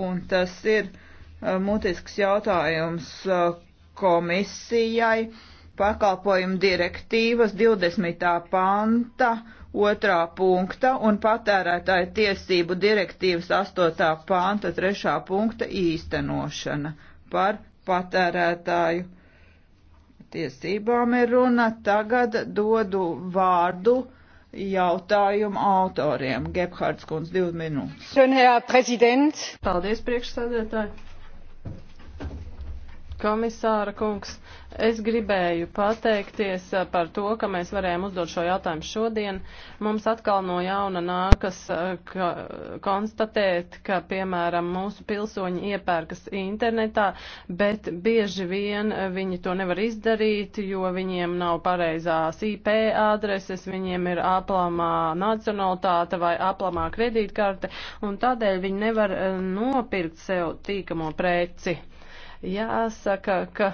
un tas ir mutisks jautājums komisijai pakalpojumu direktīvas 20. panta 2. punkta un patērētāju tiesību direktīvas 8. panta 3. punkta īstenošana par patērētāju tiesībām ir runa. Tagad dodu vārdu jautājumu autoriem. Gebhards kundz, divas minūtes. Paldies, priekšsēdētāji! Komisāra kungs, es gribēju pateikties eh, par to, ka mēs varējām uzdot šo jautājumu šodien. Mums atkal no jauna nākas eh, ka, konstatēt, ka, piemēram, mūsu pilsoņi iepērkas internetā, bet bieži vien eh, viņi to nevar izdarīt, jo viņiem nav pareizās IP adreses, viņiem ir aplamā nacionalitāte vai aplamā kredītkarte, un tādēļ viņi nevar nopirkt sev tīkamo preci. Jāsaka, ka.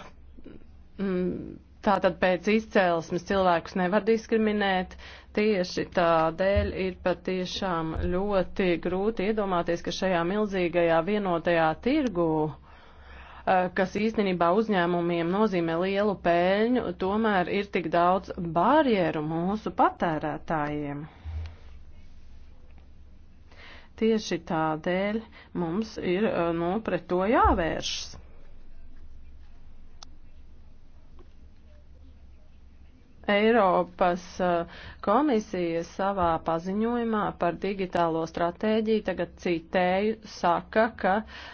Mm, Tātad pēc izcēlesmes cilvēkus nevar diskriminēt. Tieši tādēļ ir patiešām ļoti grūti iedomāties, ka šajā milzīgajā vienotajā tirgū, eh, kas īstenībā uzņēmumiem nozīmē lielu pēļņu, tomēr ir tik daudz barjeru mūsu patērētājiem. Tieši tādēļ mums ir eh, nu, pret to jāvēršas. Eiropas uh, komisija savā paziņojumā par digitālo stratēģiju, tagad citēju, saka, ka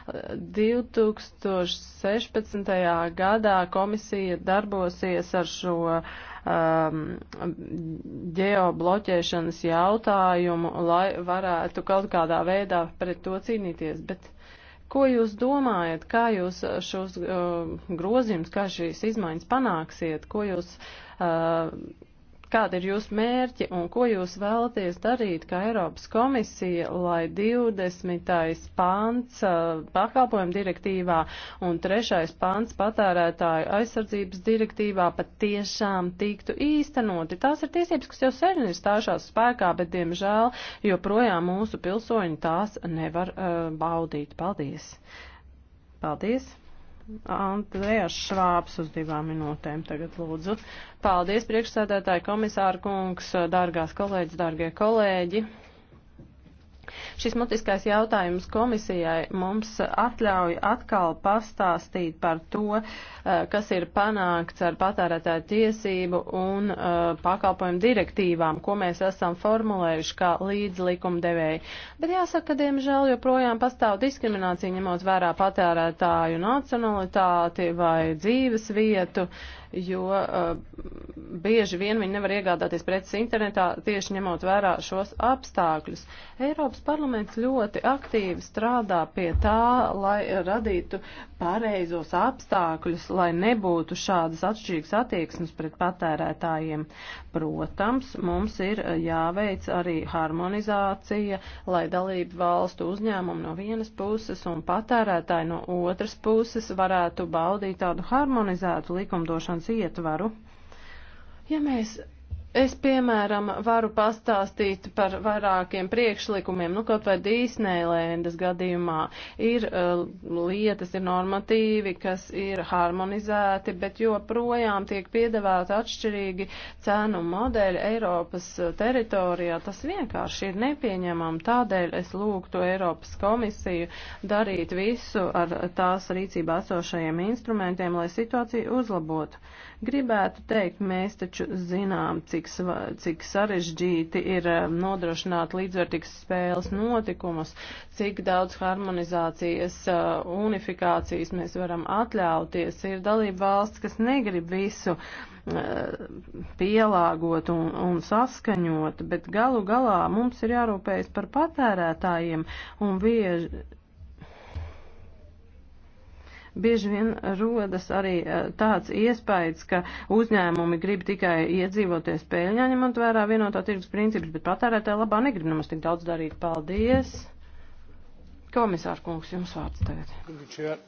2016. Uh, gadā komisija darbosies ar šo um, ģeobloķēšanas jautājumu, lai varētu kaut kādā veidā pret to cīnīties. Bet ko jūs domājat, kā jūs šos uh, grozījums, kā šīs izmaiņas panāksiet, ko jūs uh, Uh, Kāda ir jūsu mērķi un ko jūs vēlaties darīt, kā Eiropas komisija, lai 20. pāns uh, pakalpojumu direktīvā un 3. pāns patērētāju aizsardzības direktīvā pat tiešām tiktu īstenoti? Tās ir tiesības, kas jau sen ir stājušās spēkā, bet, diemžēl, joprojām mūsu pilsoņi tās nevar uh, baudīt. Paldies! Paldies! Andrējas Švāps uz divām minūtēm tagad lūdzu. Paldies, priekšsēdētāji, komisāra kungs, dārgās kolēģis, dārgie kolēģi. Šis mutiskais jautājums komisijai mums atļauj atkal pastāstīt par to, eh, kas ir panākts ar patērētāju tiesību un eh, pakalpojumu direktīvām, ko mēs esam formulējuši kā līdzlikumdevēji. Bet jāsaka, ka diemžēl joprojām pastāv diskriminācija ņemot vērā patērētāju nacionalitāti vai dzīves vietu, jo eh, bieži vien viņi nevar iegādāties preces internetā, tieši ņemot vērā šos apstākļus. Eiropas parlaments ļoti aktīvi strādā pie tā, lai radītu pareizos apstākļus, lai nebūtu šādas atšķirīgas attieksmes pret patērētājiem. Protams, mums ir jāveic arī harmonizācija, lai dalību valstu uzņēmumu no vienas puses un patērētāji no otras puses varētu baudīt tādu harmonizētu likumdošanas ietvaru. Ja mēs Es, piemēram, varu pastāstīt par vairākiem priekšlikumiem, nu kaut vai Dīsneilendas gadījumā ir uh, lietas, ir normatīvi, kas ir harmonizēti, bet joprojām tiek piedāvāti atšķirīgi cenu modeļi Eiropas uh, teritorijā. Tas vienkārši ir nepieņemam. Tādēļ es lūgtu Eiropas komisiju darīt visu ar tās rīcībā esošajiem instrumentiem, lai situāciju uzlabotu. Gribētu teikt, mēs taču zinām, cik cik, cik sarežģīti ir um, nodrošināt līdzvērtīgas spēles notikumus, cik daudz harmonizācijas, uh, unifikācijas mēs varam atļauties. Ir dalība valsts, kas negrib visu uh, pielāgot un, un saskaņot, bet galu galā mums ir jārūpējas par patērētājiem un vieži Bieži vien rodas arī eh, tāds iespējas, ka uzņēmumi grib tikai iedzīvoties peļņā, ņemot vērā vienotā tirgus principus, bet patērētāji labā negrib nemaz tik daudz darīt. Paldies! Komisār kungs, jums vārds tagad.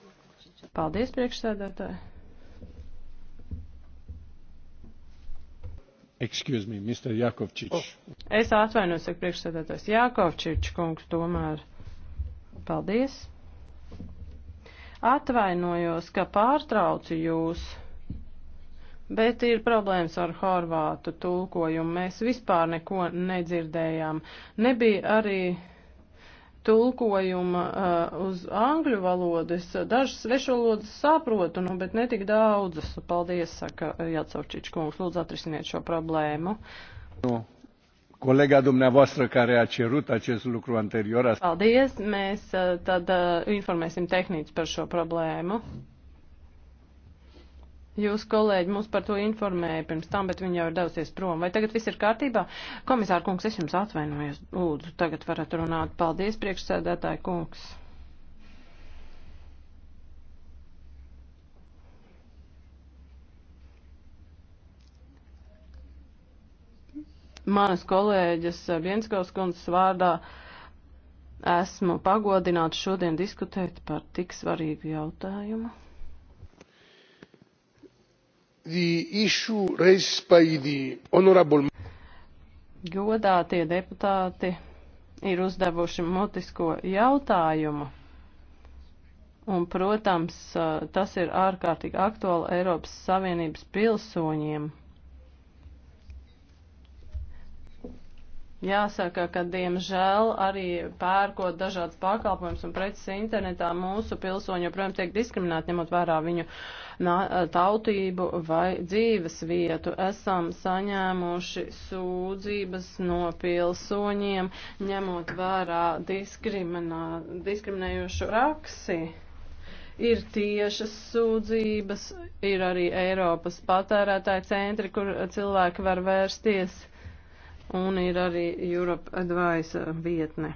Paldies, priekšsēdētāji! Excuse me, Mr. Jakovčič. Oh, es atvainojos, saka priekšsēdētājs Jakovčič, kungs, tomēr. Paldies. Atvainojos, ka pārtraucu jūs, bet ir problēmas ar horvātu tulkojumu. Mēs vispār neko nedzirdējām. Nebija arī tulkojuma uh, uz angļu valodas. Dažas svešvalodas saprotu, nu, bet netik daudzas. Paldies, saka Jācaučiņš kungs, lūdzu atrisiniet šo problēmu. No. Nu colega dumneavoastră care a cerut acest lucru anterior. Paldies, mēs uh, tad uh, informēsim tehnici par šo problēmu. Jūs, kolēģi, mūs par to informēja pirms tam, bet viņi jau ir devusies prom. Vai tagad viss ir kārtībā? Komisār kungs, es jums atvainojos. Lūdzu, tagad varat runāt. Paldies, priekšsēdētāji kungs. manas kolēģas Bienskaus kundzes vārdā esmu pagodināts šodien diskutēt par tik svarīgu jautājumu. The issue raised by the honorable godātie deputāti ir uzdevuši mutisko jautājumu. Un, protams, tas ir ārkārtīgi aktuāli Eiropas Savienības pilsoņiem. Jāsaka, ka diemžēl arī pērkot dažādas pakalpojumus un preces internetā mūsu pilsoņi joprojām tiek diskriminēti, ņemot vērā viņu tautību vai dzīves vietu. Esam saņēmuši sūdzības no pilsoņiem, ņemot vērā diskriminējošu raksi ir tiešas sūdzības, ir arī Eiropas patērētāja centri, kur cilvēki var vērsties un ir arī Europe Advice vietne.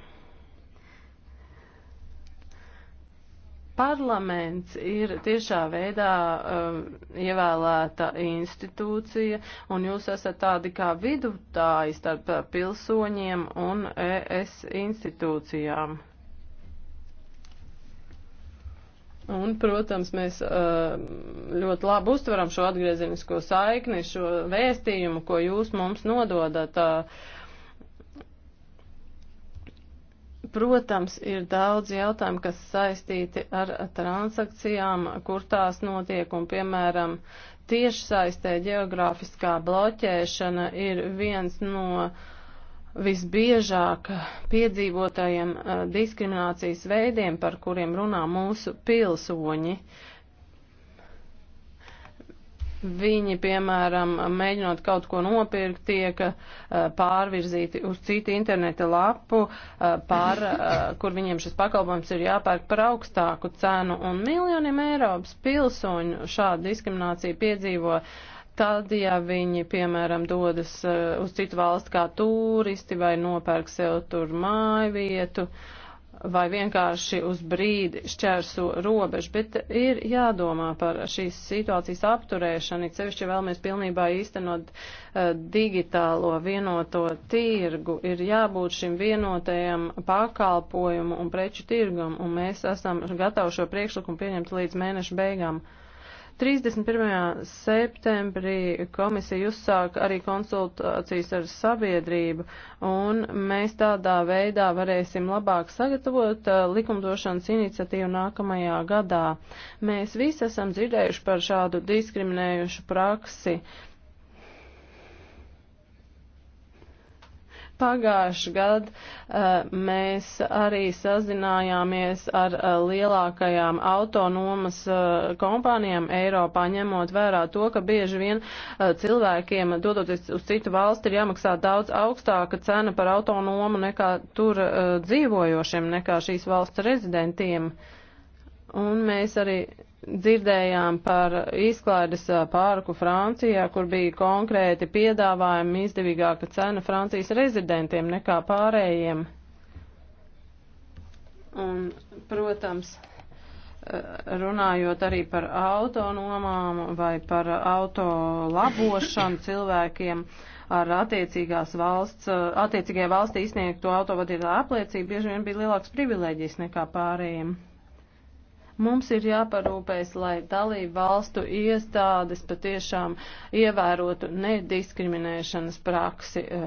Parlaments ir tiešā veidā um, ievēlēta institūcija, un jūs esat tādi kā vidutāji starp pilsoņiem un ES institūcijām. Un, protams, mēs uh, ļoti labi uztveram šo atgriezinisko saikni, šo vēstījumu, ko jūs mums nododat. Uh. Protams, ir daudz jautājumu, kas saistīti ar transakcijām, kur tās notiek, un, piemēram, tiešsaistē geogrāfiskā bloķēšana ir viens no uh, visbiežāk piedzīvotajiem eh, diskriminācijas veidiem, par kuriem runā mūsu pilsoņi. Viņi, piemēram, mēģinot kaut ko nopirkt, tiek eh, pārvirzīti uz citu interneta lapu, eh, pār, kur viņiem šis pakalpojums ir jāpērk par augstāku cenu. Un miljoniem Eiropas pilsoņu šādu diskrimināciju piedzīvo uh, Tad, ja viņi, piemēram, dodas eh, uz citu valstu kā turisti vai nopērk sev tur māju vietu, vai vienkārši uz brīdi šķērso robežu, bet ir jādomā par šīs situācijas apturēšanu, it sevišķi vēlamies pilnībā īstenot uh, digitālo vienoto tirgu, ir jābūt šim vienotajam pakalpojumu un preču tirgum, un mēs esam gatavi šo priekšlikumu pieņemt līdz mēneša beigām. 31. septembrī komisija uzsāka arī konsultācijas ar sabiedrību, un mēs tādā veidā varēsim labāk sagatavot uh, likumdošanas iniciatīvu nākamajā gadā. Mēs visi esam dzirdējuši par šādu diskriminējušu praksi. Uh, Pagājuši gadu uh, eh, mēs arī sazinājāmies ar uh, lielākajām autonomas uh, kompānijām Eiropā, ņemot vērā to, ka bieži vien cilvēkiem, dodoties uz citu valsti, ir jāmaksā daudz augstāka cena par autonomu nekā tur dzīvojošiem, nekā šīs valsts rezidentiem. Uh, Un mēs arī dzirdējām par izklaides pārku Francijā, kur bija konkrēti piedāvājumi izdevīgāka cena Francijas rezidentiem nekā pārējiem. Un, protams, runājot arī par autonomām vai par auto labošanu cilvēkiem ar attiecīgās valsts, attiecīgajā valstī izsniegto autovadītāju apliecību, bieži vien bija lielāks privilēģijas nekā pārējiem. Mums ir jāparūpēs, lai dalību valstu iestādes patiešām ievērotu nediskriminēšanas praksi. Eh.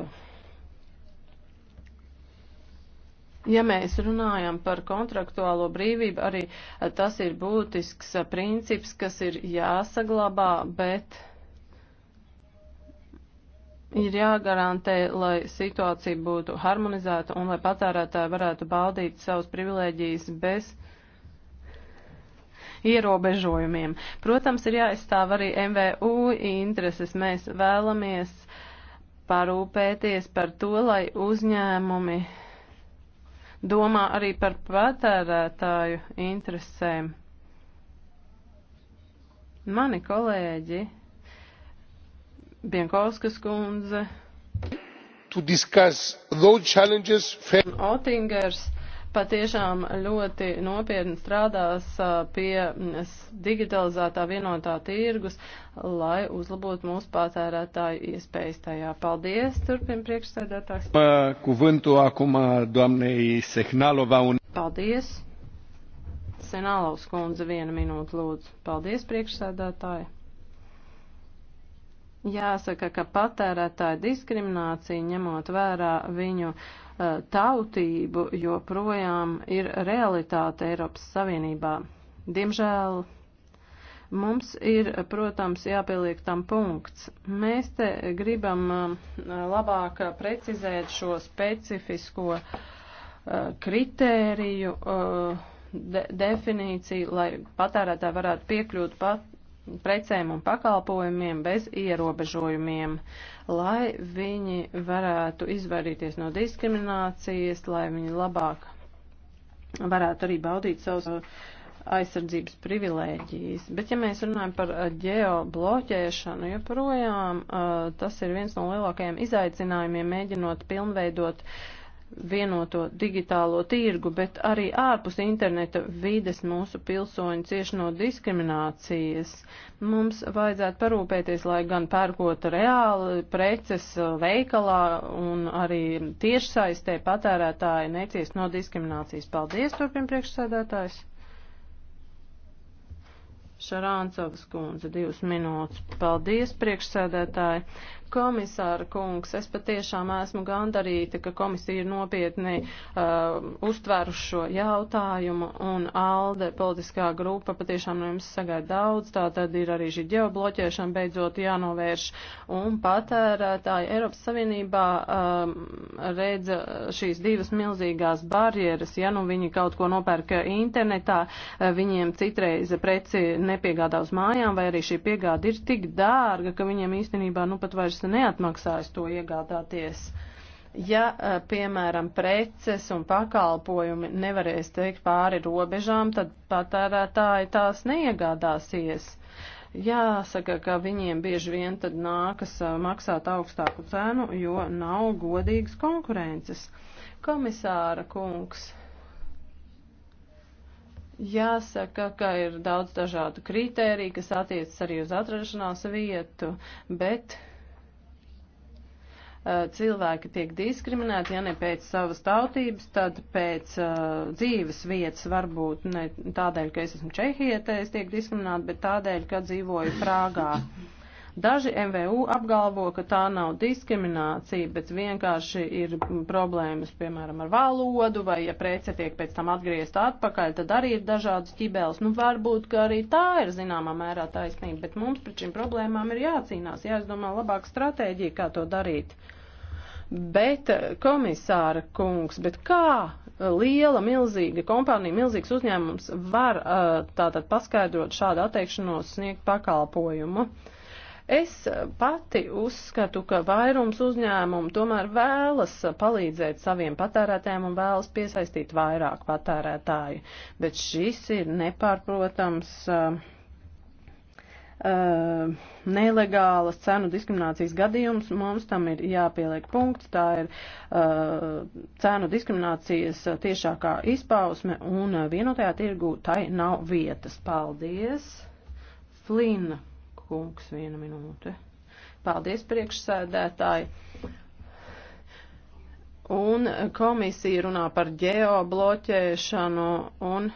Ja mēs runājam par kontraktuālo brīvību, arī eh, tas ir būtisks eh, princips, kas ir jāsaglabā, bet ir jāgarantē, lai situācija būtu harmonizēta un lai patērētāji varētu baudīt savus privilēģijas bez ierobežojumiem. Protams, ir jāizstāv arī MVU intereses. Mēs vēlamies parūpēties par to, lai uzņēmumi domā arī par patērētāju interesēm. Mani kolēģi Bienkovskas kundze. To discuss those challenges. Otingers patiešām ļoti nopietni strādās pie digitalizētā vienotā tirgus, lai uzlabotu mūsu patērētāju iespējas tajā. Paldies, turpin priekšsēdētājs. Kuvintu akumā doamnei Sehnalova un. Paldies. Senālaus kundze viena minūte lūdzu. Paldies, priekšsēdētāji. Jāsaka, ka patērētāja diskriminācija, ņemot vērā viņu uh, tautību, joprojām ir realitāte Eiropas Savienībā. Diemžēl mums ir, protams, jāpieliek tam punkts. Mēs te gribam eh, labāk precizēt šo specifisko eh, kritēriju, de definīciju, lai patērētāji varētu piekļūt pat precēm un pakalpojumiem bez ierobežojumiem, lai viņi varētu izvairīties no diskriminācijas, lai viņi labāk varētu arī baudīt savus aizsardzības privilēģijas. Bet, ja mēs runājam par eh, ģeobloķēšanu, joprojām eh, tas ir viens no lielākajiem izaicinājumiem, mēģinot pilnveidot uh, vienoto digitālo tirgu, bet arī ārpus interneta vides mūsu pilsoņi cieši no diskriminācijas. Mums vajadzētu parūpēties, lai gan pērkot reāli preces veikalā un arī tiešsaistē patērētāji neciest no diskriminācijas. Paldies, turpin priekšsēdētājs. Šarāncovas kundze, divas minūtes. Paldies, priekšsēdētāji. Komisāra kungs, es patiešām esmu gandarīta, ka komisija ir nopietni uh, uztvēruši šo jautājumu, un ALDE politiskā grupa patiešām no jums sagaida daudz, tā tad ir arī šī ģeobloķēšana beidzot jānovērš, un patērētāji Eiropas Savienībā um, redz šīs divas milzīgās barjeras, ja nu viņi kaut ko nopērka internetā, uh, viņiem citreiz preci nepiegādā uz mājām, vai arī šī piegāda ir tik dārga, ka viņiem īstenībā nu pat vairs vairs neatmaksājas to iegādāties. Ja, e, piemēram, preces un pakalpojumi nevarēs teikt pāri robežām, tad patērētāji tās neiegādāsies. Jāsaka, ka viņiem bieži vien tad nākas e, maksāt augstāku cenu, jo nav godīgas konkurences. Komisāra kungs. Jāsaka, ka ir daudz dažādu kritēriju, kas attiecas arī uz atrašanās vietu, bet Eh, cilvēki tiek diskriminēti, ja ne pēc savas tautības, tad pēc uh, dzīves vietas varbūt ne tādēļ, ka es esmu Čehietē, es tiek diskriminēta, bet tādēļ, ka dzīvoju Prāgā. Daži MVU apgalvo, ka tā nav diskriminācija, bet vienkārši ir problēmas, piemēram, ar valodu, vai ja prece tiek pēc tam atgriezta atpakaļ, tad arī ir dažādas ķibeles. Nu, varbūt, ka arī tā ir zināmā mērā taisnība, bet mums pret šīm problēmām ir jācīnās, jāizdomā labāka stratēģija, kā to darīt. Bet eh, komisāra kungs, bet kā liela, milzīga kompānija, milzīgs uzņēmums var eh, tātad paskaidrot šādu atteikšanos sniegt pakalpojumu? Es pati uzskatu, ka vairums uzņēmumu tomēr vēlas palīdzēt saviem patērētājiem un vēlas piesaistīt vairāk patērētāju, bet šis ir nepārprotams. Uh, eh, Uh, nelegālas cenu diskriminācijas gadījums, mums tam ir jāpieliek punkts, tā ir uh, cenu diskriminācijas tiešākā izpausme un vienotajā tirgu tai nav vietas. Paldies! Flina kungs, viena minūte. Paldies, priekšsēdētāji! Un komisija runā par ģeobloķēšanu un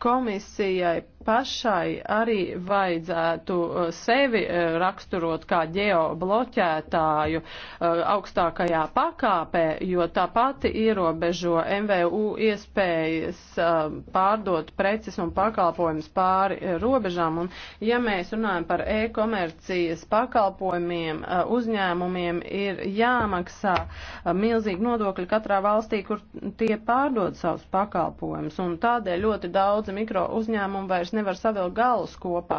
komisijai pašai arī vajadzētu uh, sevi uh, raksturot kā ģeobloķētāju uh, augstākajā pakāpē, jo tā pati ierobežo MVU iespējas pārdot preces un pakalpojumus pāri robežām. Un, ja mēs runājam par e-komercijas pakalpojumiem, uzņēmumiem ir jāmaksā milzīgi nodokļi katrā valstī, kur tie pārdod savus pakalpojumus. Un tādēļ ļoti daudzi mikro uzņēmumi vairs vairs nevar savilkt galus kopā.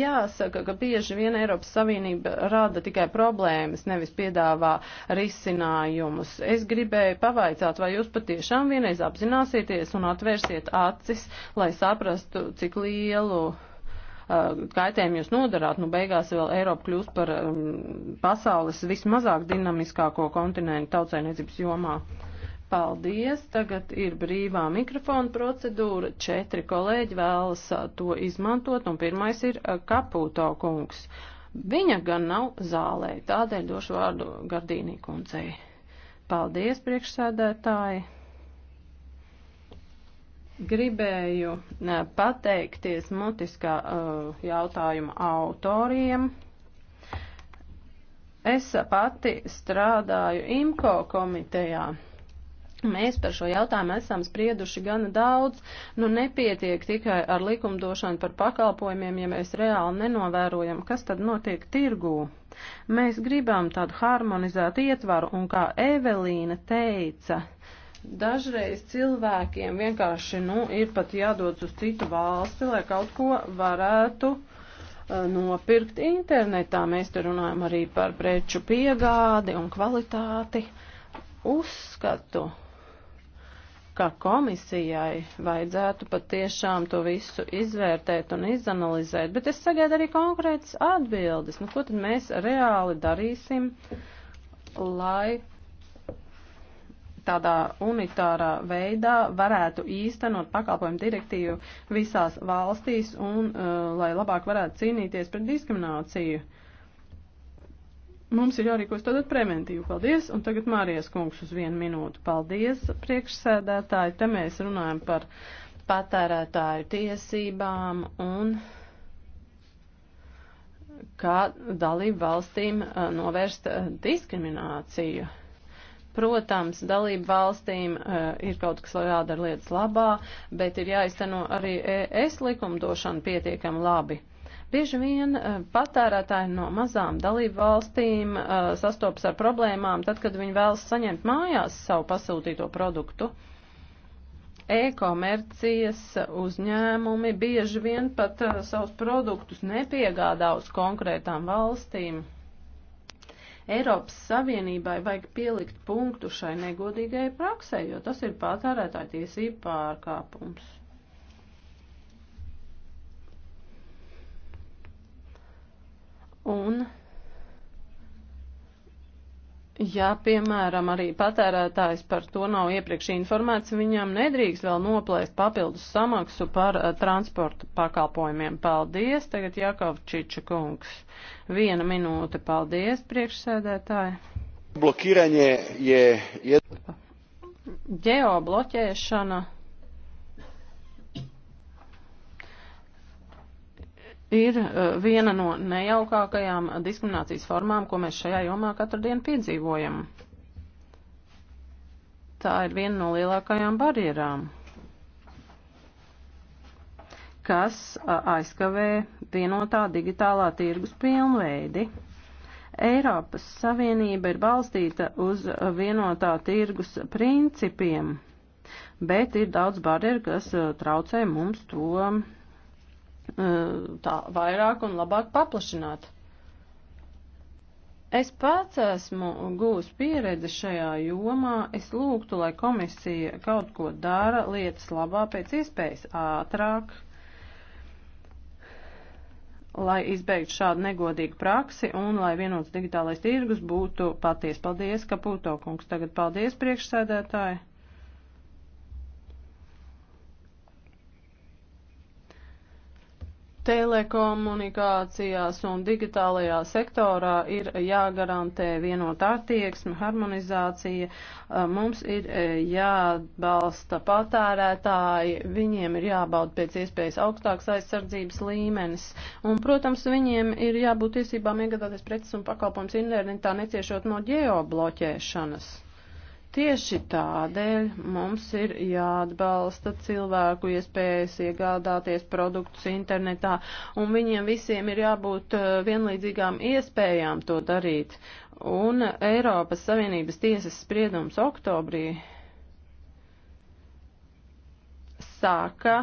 Jāsaka, ka bieži vien Eiropas Savienība rada tikai problēmas, nevis piedāvā risinājumus. Es gribēju pavaicāt, vai jūs patiešām vienreiz apzināsieties un atvērsiet acis, lai saprastu, cik lielu uh, kaitējumu jūs nodarāt, nu beigās vēl Eiropa kļūst par um, pasaules vismazāk dinamiskāko kontinentu tautsēniecības jomā. Paldies! Tagad ir brīvā mikrofona procedūra. Četri kolēģi vēlas to izmantot, un pirmais ir Kapūto kungs. Viņa gan nav zālē, tādēļ došu vārdu Gardīnī kundzei. Paldies, priekšsēdētāji! Gribēju pateikties mutiskā uh, jautājuma autoriem. Es pati strādāju IMCO komitejā. Mēs par šo jautājumu esam sprieduši gana daudz, nu nepietiek tikai ar likumdošanu par pakalpojumiem, ja mēs reāli nenovērojam, kas tad notiek tirgū. Mēs gribam tādu harmonizētu ietvaru, un kā Evelīna teica, dažreiz cilvēkiem vienkārši, nu, ir pat jādodas uz citu valsti, lai kaut ko varētu eh, nopirkt internetā. Mēs te runājam arī par preču piegādi un kvalitāti uzskatu, ka komisijai vajadzētu patiešām to visu izvērtēt un izanalizēt, bet es sagaidu arī konkrētas atbildes. Nu, ko tad mēs reāli darīsim, lai tādā unitārā veidā varētu īstenot pakalpojumu direktīvu visās valstīs un uh, lai labāk varētu cīnīties pret diskrimināciju? Uh, mums ir jārīkos tātad preventīvi. Paldies, un tagad Mārijas kungs uz vienu minūtu. Paldies, priekšsēdētāji, te mēs runājam par patērētāju tiesībām un kā dalību valstīm eh, novērst eh, diskrimināciju. Protams, dalību valstīm uh, ir kaut kas jādara lietas labā, bet ir jāizteno arī ES likumdošana pietiekami labi. Bieži vien eh, patērētāji no mazām dalību valstīm eh, sastopas ar problēmām, tad, kad viņi vēlas saņemt mājās savu pasūtīto produktu. E-komercijas uzņēmumi bieži vien pat eh, savus produktus nepiegādā uz konkrētām valstīm. Eiropas Savienībai vajag pielikt punktu šai negodīgai praksē, jo tas ir patērētāja tiesība pārkāpums. Un Ja, piemēram, arī patērētājs par to nav iepriekš informēts, viņam nedrīkst vēl noplēst papildus samaksu par uh, transporta pakalpojumiem. Paldies, tagad Jakovčiča kungs. Viena minūte, paldies, priekšsēdētāji. Blokīraņie je... Ģeobloķēšana. ir uh, viena no nejaukākajām diskriminācijas formām, ko mēs šajā jomā katru dienu piedzīvojam. Tā ir viena no lielākajām barjerām, kas uh, aizkavē vienotā digitālā tirgus pilnveidi. Eiropas Savienība ir balstīta uz vienotā tirgus principiem, bet ir daudz barjeru, kas uh, traucē mums to Eh, tā vairāk un labāk paplašināt. Es pats esmu gūs pieredzi šajā jomā. Es lūgtu, lai komisija kaut ko dara lietas labā pēc iespējas ātrāk, lai izbeigtu šādu negodīgu praksi un lai vienots digitālais tirgus būtu paties. Paldies, Kaputo kungs. Tagad paldies priekšsēdētāji. telekomunikācijās un digitālajā sektorā ir jāgarantē vienot attieksmi, harmonizācija. Mums ir e, jāatbalsta patērētāji, viņiem ir jābauda pēc iespējas augstāks aizsardzības līmenis. Un, protams, viņiem ir jābūt tiesībām iegādāties preces un pakalpojums internetā, neciešot no ģeobloķēšanas. Tieši tādēļ mums ir jāatbalsta cilvēku iespējas iegādāties produktus internetā, un viņiem visiem ir jābūt eh, vienlīdzīgām iespējām to darīt. Un Eiropas Savienības tiesas spriedums oktobrī sāka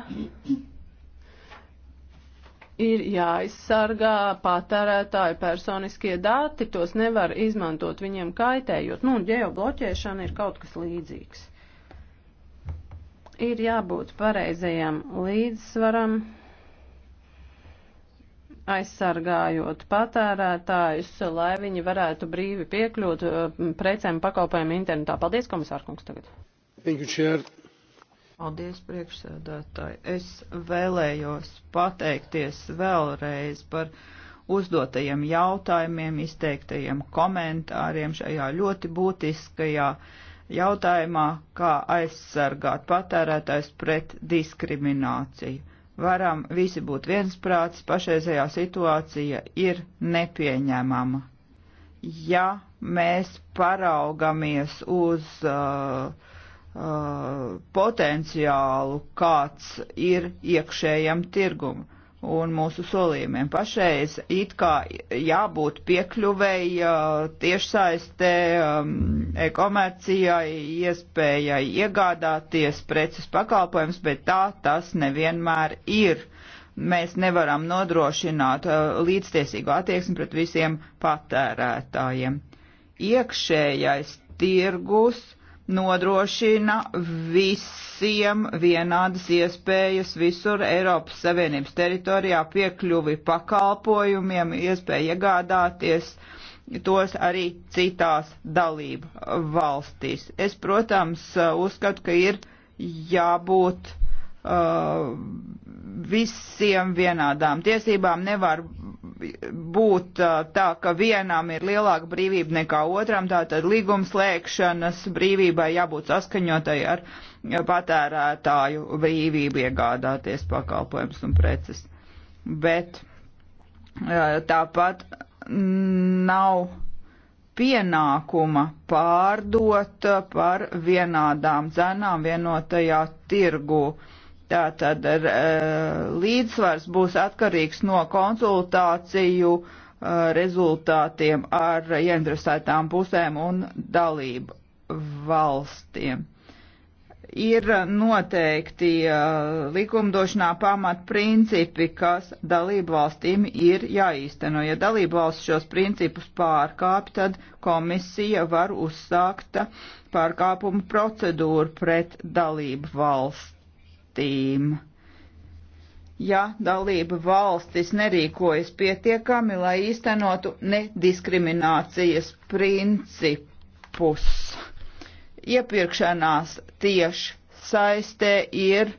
ir jāaizsargā patērētāju personiskie dati, tos nevar izmantot viņiem kaitējot. Nu, un ģeobloķēšana ir kaut kas līdzīgs. Ir jābūt pareizajam līdzsvaram, aizsargājot patērētājus, lai viņi varētu brīvi piekļūt eh, precēm pakalpojumiem internetā. Paldies, komisārkungs, tagad. Thank you, Chair. Paldies, priekšsēdētāji. Es vēlējos pateikties vēlreiz par uzdotajiem jautājumiem, izteiktajiem komentāriem šajā ļoti būtiskajā jautājumā, kā aizsargāt patērētājs pret diskrimināciju. Varam visi būt viensprāts, pašreizējā situācija ir nepieņemama. Ja mēs paraugamies uz uh, Uh, potenciālu, kāds ir iekšējam tirgumam un mūsu solījumiem. Pašreiz it kā jābūt piekļuvēji uh, tiešsaistē, um, e-komercijai, iespējai iegādāties preces pakalpojums, bet tā tas nevienmēr ir. Mēs nevaram nodrošināt uh, līdztiesīgu attieksmi pret visiem patērētājiem. Iekšējais tirgus nodrošina visiem vienādas iespējas visur Eiropas Savienības teritorijā piekļuvi pakalpojumiem, iespēja iegādāties tos arī citās dalību valstīs. Es, protams, uzskatu, ka ir jābūt Uh, visiem vienādām tiesībām. Nevar būt uh, tā, ka vienam ir lielāka brīvība nekā otram, tātad līgums lēkšanas brīvībai jābūt saskaņotai ar patērētāju brīvību iegādāties pakalpojums un preces. Bet uh, tāpat nav pienākuma pārdot par vienādām cenām vienotajā tirgū Tātad eh, līdzsvars būs atkarīgs no konsultāciju eh, rezultātiem ar ieinteresētām pusēm un dalību valstiem. Ir noteikti eh, likumdošanā pamatprincipi, kas dalību valstīm ir jāīsteno. Ja dalību valsts šos principus pārkāp, tad komisija var uzsākt pārkāpumu procedūru pret dalību valsts valstīm. Ja dalība valstis nerīkojas pietiekami, lai īstenotu nediskriminācijas principus, iepirkšanās tieši saistē ir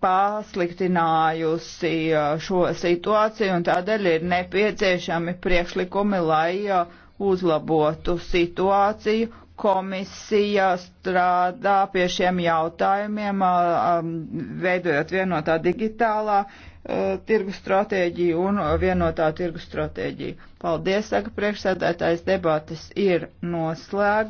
pasliktinājusi uh, šo situāciju un tādēļ ir nepieciešami priekšlikumi, lai uh, uzlabotu situāciju Komisija strādā pie šiem jautājumiem, veidojot vienotā digitālā tirgu stratēģiju un vienotā tirgu stratēģiju. Paldies, saka priekšsēdētājs, debatas ir noslēgu.